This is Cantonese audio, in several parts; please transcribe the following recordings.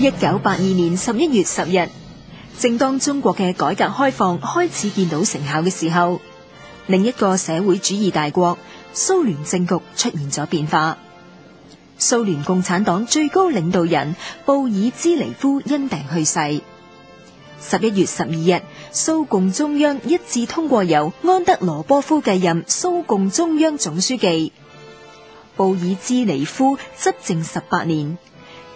一九八二年十一月十日，正當中國嘅改革開放開始見到成效嘅時候，另一個社會主義大國蘇聯政局出現咗變化。蘇聯共產黨最高領導人布爾茲尼夫因病去世。十一月十二日，蘇共中央一致通過由安德羅波夫繼任蘇共中央總書記。布爾茲尼夫執政十八年。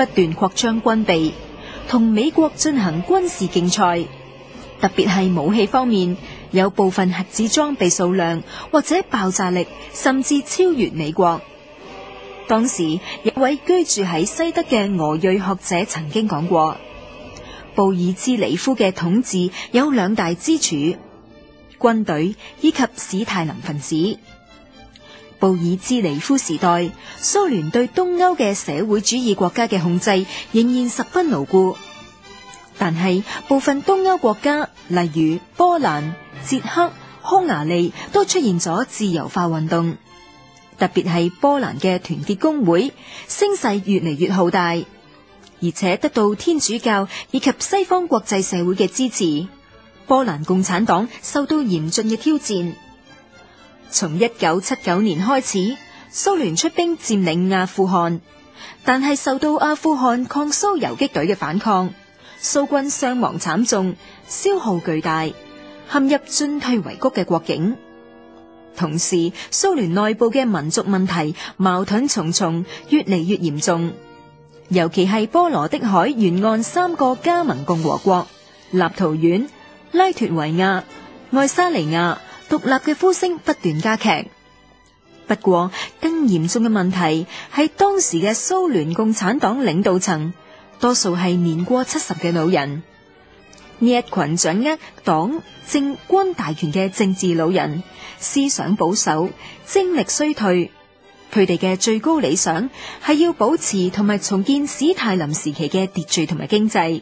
不斷擴張軍備，同美國進行軍事競賽，特別係武器方面，有部分核子裝備數量或者爆炸力，甚至超越美國。當時有一位居住喺西德嘅俄裔學者曾經講過，布爾茲尼夫嘅統治有兩大支柱：軍隊以及史泰林分子。布爾茲尼夫時代，蘇聯對東歐嘅社會主義國家嘅控制仍然十分牢固，但係部分東歐國家，例如波蘭、捷克、匈牙利，都出現咗自由化運動。特別係波蘭嘅團結工會，聲勢越嚟越好大，而且得到天主教以及西方國際社會嘅支持。波蘭共產黨受到嚴峻嘅挑戰。從一九七九年開始，蘇聯出兵佔領阿富汗，但係受到阿富汗抗蘇游擊隊嘅反抗，蘇軍傷亡慘重，消耗巨大，陷入進退維谷嘅國境。同時，蘇聯內部嘅民族問題矛盾重重，越嚟越嚴重。尤其係波羅的海沿岸三個加盟共和國：立陶宛、拉脫維亞、愛沙尼亞。獨立嘅呼聲不斷加劇，不過更嚴重嘅問題係當時嘅蘇聯共產黨領導層多數係年過七十嘅老人。呢一群掌握黨政軍大權嘅政治老人，思想保守，精力衰退。佢哋嘅最高理想係要保持同埋重建史太林時期嘅秩序同埋經濟。